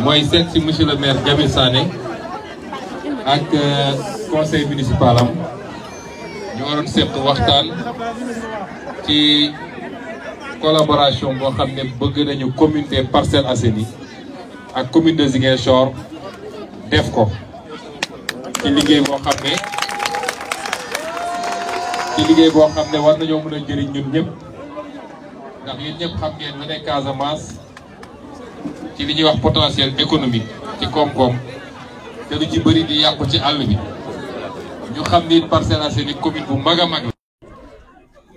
mooy seet si monsieur le maire Jamil Sané ak euh, conseil municipal am ñu waroon seq waxtaan ci collaboration boo xam ne bëgg nañu commune des Parcelles Assainies ak commune de Ziguinchor def ko ci liggéey boo xam ne ci liggéey boo xam ne war nañoo mën a jëriñ ñun ñëpp ndax yéen ñëpp xam ngeen ne Casamance. ci li ñuy wax potentiel économique ci kom kom té du ci bëri di yàqu ci àll bi ñu xam ni Parcelles Assainies commune bu maga a mag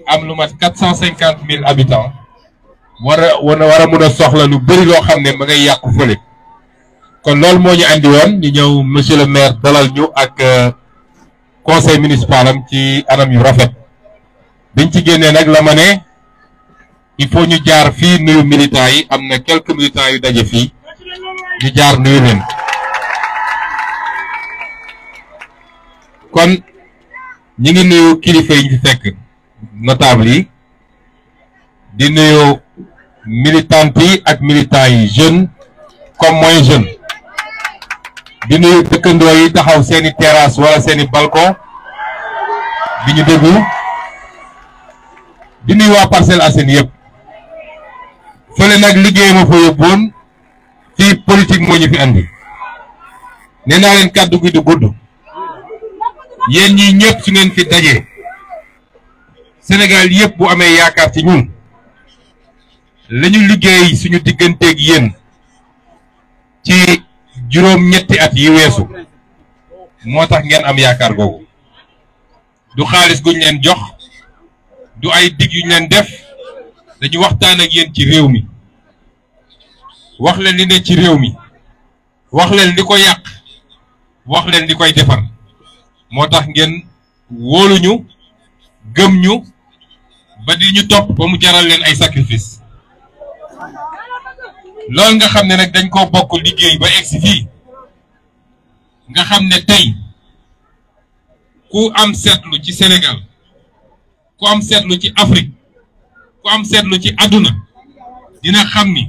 am lu mat 450000 habitants wara a wara a a soxla lu bëri lo xamné ma ngay yàqu fële kon lool mo ñu andi won ñu ñëw monsieur le maire dalal ñu ak euh, conseil municipal am ci anam yu rafet biñ ci génné nak la mané il faut ñu jaar fii nuyu militants yi am na quelques militants yu daje fii ñu jaar nuyu leen kon ñi ngi nuyu kilifa yi ñu fekk notable yi di nuyu militantes yi ak militants yi jeunes comme moins jeunes di nuyu dëkkandoo yi taxaw seeni terrasse wala seeni balcon bi ñu déglu di nuyu waa Parcelles Assainies yëpp fële nag liggéey ma fa yóbboon fii politique moo ñu fi andi nee naa leen kàddu gi du gudd yéen ñi ñëpp su ngeen fi dajee Sénégal yëpp bu amee yaakaar ci ñun la liggéey suñu digganteeg yéen ci juróom-ñetti at yi weesu moo tax ngeen am yaakaar googu du xaalis guñ leen jox du ay digg yuñ leen def dañu waxtaan ak yéen ci réew mi wax leen li ne ci réew mi wax leen li ko yàq wax leen li koy defar moo tax ngeen wóoluñu gëm ñu ba di ñu topp ba mu jaral leen ay sacrifice loolu nga xam ne nag dañ koo bokk liggéey ba egsi nga xam ne tey ku am seetlu ci senegal ku am seetlu ci Afrique ku am seetlu ci àdduna dina xam ni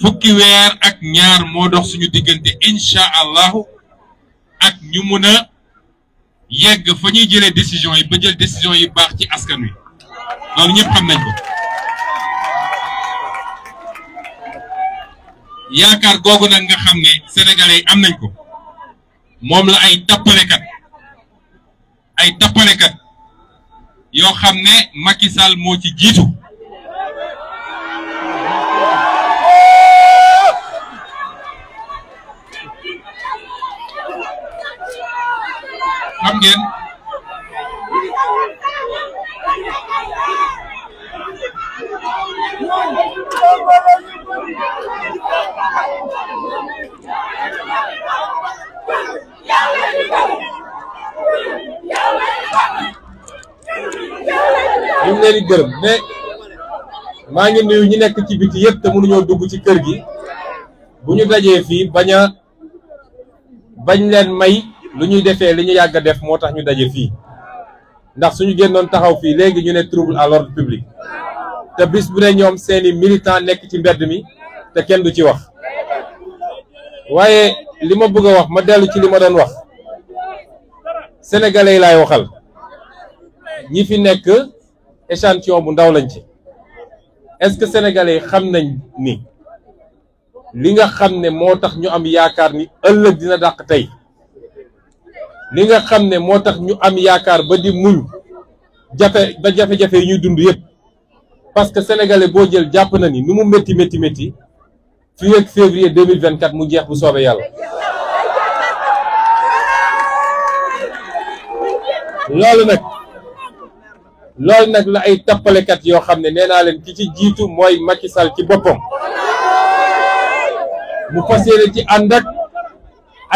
fukki weer ak ñaar moo dox suñu diggante incha allahu ak ñu mun a yegg fa ñuy jëlee décision yi ba jël décision yi baax ci askan wi loolu ñëpp xam nañ ko yaakaar googu nag nga xam ne sénégalais yi am nañ ko moom la ay tappalekat ay tappalekat yoo xam ne Macky Sall moo ci jiitu xam ngeen ñu leen di gërëm maa ngi nuyu ñi nekk ci biti yëpp te ñoo dugg ci kër gi bu ñu dajee fii bañ a bañ leen may lu ñuy defee li ñu yàgg a def moo tax ñu daje fii ndax suñu génnoon taxaw fii léegi ñu ne trouble à l'ordre public te bis bu ne ñoom seeni militant nekk ci mbedd mi te kenn du ci wax waaye li ma bëgg a wax ma dellu ci li ma doon wax sénégalais lay waxal ñi fi nekk échantillon bu ndaw lañ ci est-ce que sénégalais xam nañ ni li nga xamné motax ñu am yaakar ni ëlëk dina dàq tay li nga xamné motax ñu am yaakar ba di muñ jafé ba jafé jafé ñu dund yépp parce que sénégalais bo jël japp na ni nu mu metti metti metti fii ak février 2024 mu jeex bu soobé yalla loolu nag loolu nag la ay tappalekat yoo xam ne nee naa leen ki ci jiitu mooy Macky sal ci boppam bu fas yéene ci ànd ak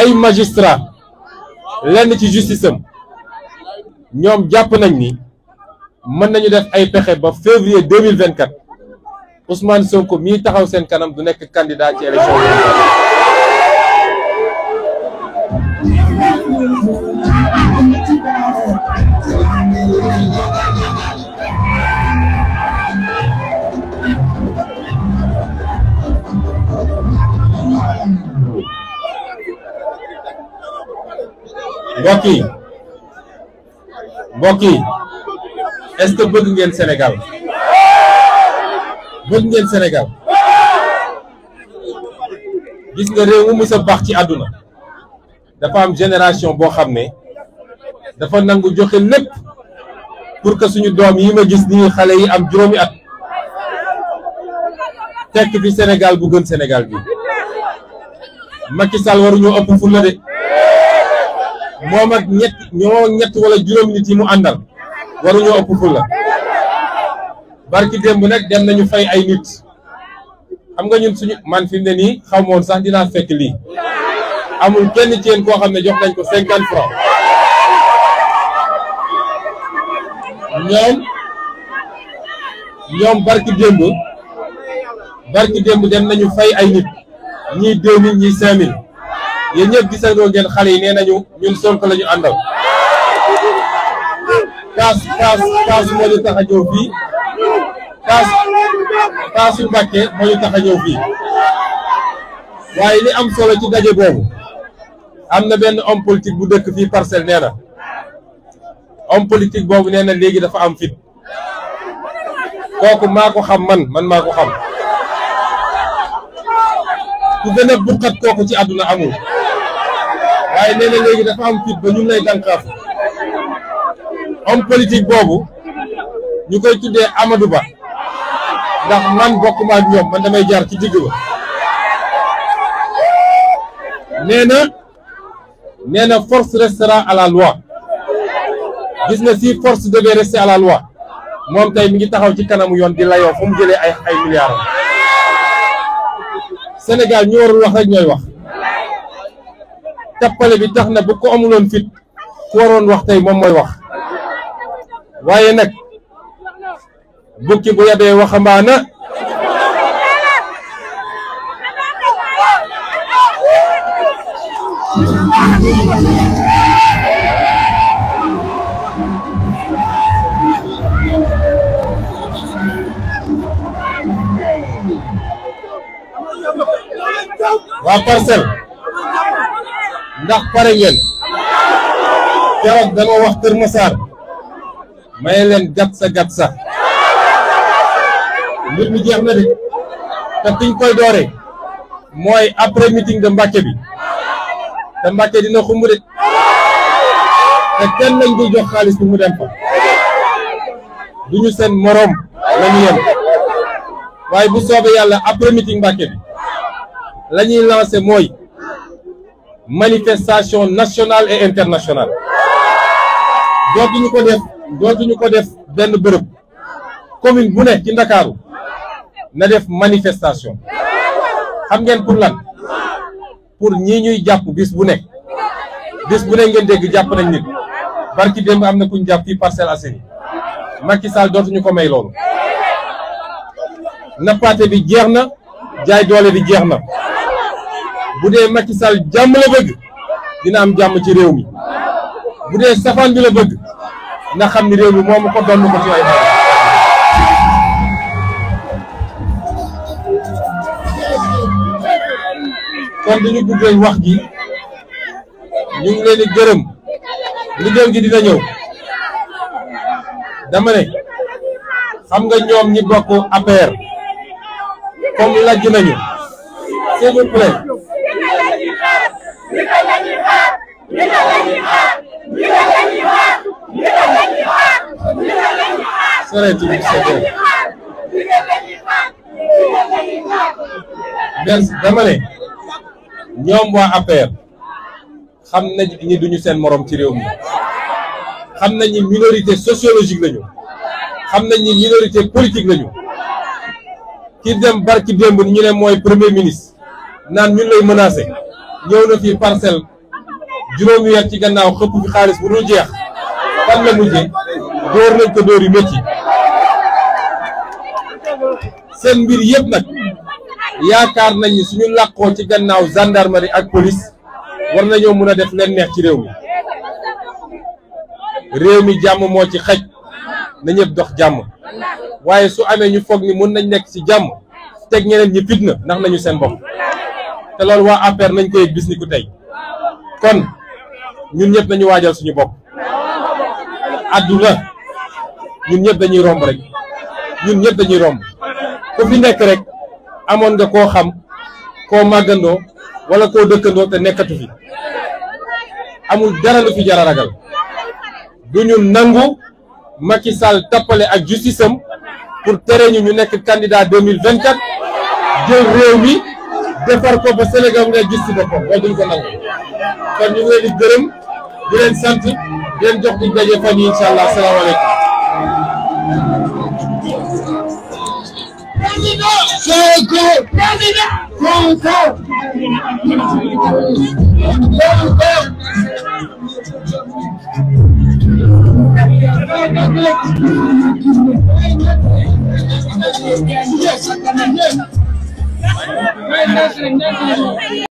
ay magistrat lenn ci justice ñoom jàpp nañ ni mën nañu def ay pexe ba février 2024 Ousmane Sonko mii taxaw seen kanam du nekk candidat ci élection mbokk yi est-ce que bëgg ngeen Sénégal bëgg ngeen Sénégal gis nga réew mu mësa baax ci àdduna dafa am génération boo xam ne dafa nangu joxe lépp pour que suñu doom yi ma gis nii xale yi am juróomi at tekk bi Sénégal bu gën Sénégal bi Macky Sall waruñoo ëpp fulla de moom ak ñett ñoo ñett wala juróomi nit yi mu àndal waruñoo ëpp fulla barki démb nag dem nañu fay ay nit xam nga ñun suñu man fi mu ne nii xaw moon sax dinaa fekk lii amul kenn ci yéen koo xam ne jox nañ ko cinquante franc ñoom ñoom barki démb barki démb dem nañu fay ay nit ñii deux mille ñii cinq yéen ñëpp gisandoo ngeen xale yi nee nañu ñun Sonko la ñu àndal kaas kaas kaas moo ñu tax a ñëw fii kaas kaasu Mbàkke moo ñu tax a ñëw fii waaye ni am solo ci daje boobu am na benn homme politique bu dëkk fii parcelle nee na homme politique boobu nee na léegi dafa am fit kooku maa ko xam man man maa ko xam ku gën a kooku ci àdduna amul waaye nee na léegi dafa am fit ba ñu lay dànkaaf homme politique boobu ñu koy tuddee Amadou Ba ndax man bokkuma ak ñoom man damay jaar ci digg ba nee na force restera à la loi gis nga si force devait rester à la loi moom tey mi ngi taxaw ci kanamu yoon di layoo fa mu jëlee ay ay milliards Sénégal ñu warul wax rek ñooy wax tapale bi taxna bu ko amuloon fit ko waron wax tay mom moy wax waaye nag bukki bu yabee waxambaana waa parcelle ndax pare ngeen keroog dama wax Kër Massar may leen gat sa gat sa mbir mi jeex na de te fiñ koy doore mooy après meeting de Mbacké bi te Mbacké dina xumb de te kenn lañ du jox xaalis bi mu dem fa duñu seen moroom la ñu yem waaye bu soobee yàlla après meeting Mbacké bi la ñuy mooy manifestation nationale et internationale dootuñu ko def dootuñu ko def benn bërëb commune bu ne ci Ndakaaru na def manifestation xam ngeen pour lan pour ñi ñuy jàpp bis bu nekk bis bu ne ngeen dégg jàpp nañ nit barki dem am na kuñ jàpp fii Parcelles Assainies Macky Sall dootuñu ko may loolu nappaate bi jeex na jaay doole bi jeex na bu Macky Sall jam la bëgg dina am jam ci réew mi bu dee bi la bëgg na xam ni réew mi mom ko don ko ci ay baax kon dañu bëggé wax gi ñu ngi leen di gërëm liggéey gi dina ñëw dama né xam nga ñom ñi bokk APR comme gi nañu s'il vous plaît merci dama ne ñoom waa APR xam nañ ni duñu seen morom ci réew mi xam nañ ni minorité sociologique lañu xam nañ ni minorité politique lañu ki dem barki démb ñu ne mooy premier ministre naan ñun lay menacé. ñëw na fii parcelle juróomi weer ci gannaaw xëpp fi xaalis bu dul jeex fan la mujje dóor nañ ko dóor yu métti seen mbir yëpp nag yaakaar nañ ni suñu làqoo ci gannaaw gendarmerie ak polis war nañoo mën a def leen neex ci réew mi réew mi jàmm moo ci xaj na ñëpp dox jàmm waaye su amee ñu foog ni mën nañ nekk ci jàmm teg ñeneen ñi na ndax nañu seen bopp té lool wa affaire nañ koy gis ni ku tay kon ñun ñepp nañu wajjal suñu bok aduna ñun ñepp dañuy romb rek ñun ñepp dañuy romb ku fi nek rek amoon nga ko xam ko magando wala ko te nekatu fi amul dara lu fi jara ragal duñu nangu Macky Sall tapalé ak justice am pour tere ñu ñu candidat 2024 jël réew mi defar ko ba Sénégal ngay gis ci boppam loolu duñ ko nangu kon ñu ngi leen di gërëm di leen sant di leen jox di daje fan yi incha allah asalaamaaleykum. Sonko Sonko Sonko 快点！快点！快点！